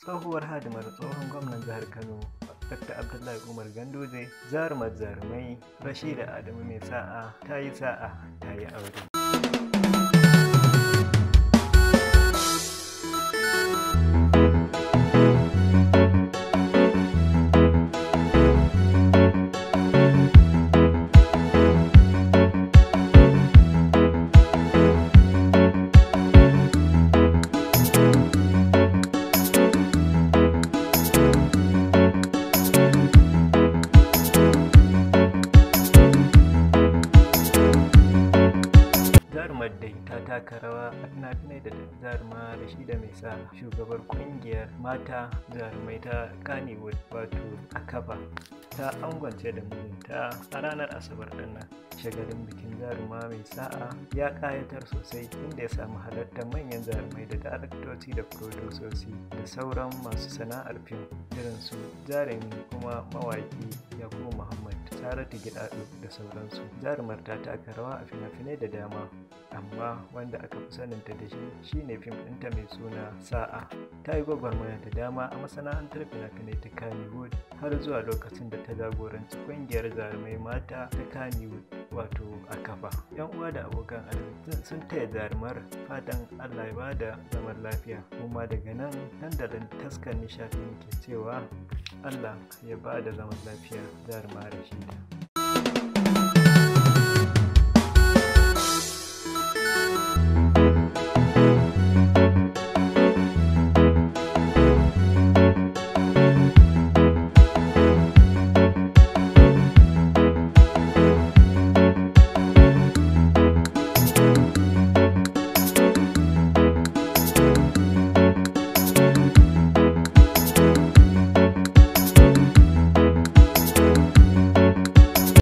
tsohuwar hadimar tsohon gwamnan jihar kano dr abdullahi umar ganduje jarumar jarumai rashida adamu mai sa'a ta yi sa'a ta yi aure wadda ta taka rawa a fina da jaruma da shi da mai sa shugabar kungiyar mata jarumai ta kanewood wato a kafa ta angwance da mijinta a ranar asabar dinnan shagalin bikin jaruma mai sa'a ya kayatar sosai inda ya samu halartar manyan jarumai da daraktoci da prodososi da sauran masu sana'ar fim irin su jarumi kuma mawaki yakubu muhammad saratu gidaɗo da sauransu jarumar ta taka rawa a fina-finai da dama amma wanda aka fi saninta da shi shine fim ɗinta mai suna sa'a ta yi gwagwarmaya da dama a masana'antar fina-finai ta kannywood har zuwa lokacin da ta jagoranci ƙungiyar jarumai mata ta kannywood wato a kafa yan uwa da abokan arziki sun taya jarumar fatan allah ya bada zaman lafiya kuma daga nan dandalin taskar nishadi ke cewa Allah ya ba da zaman lafiya da zarma Rashida.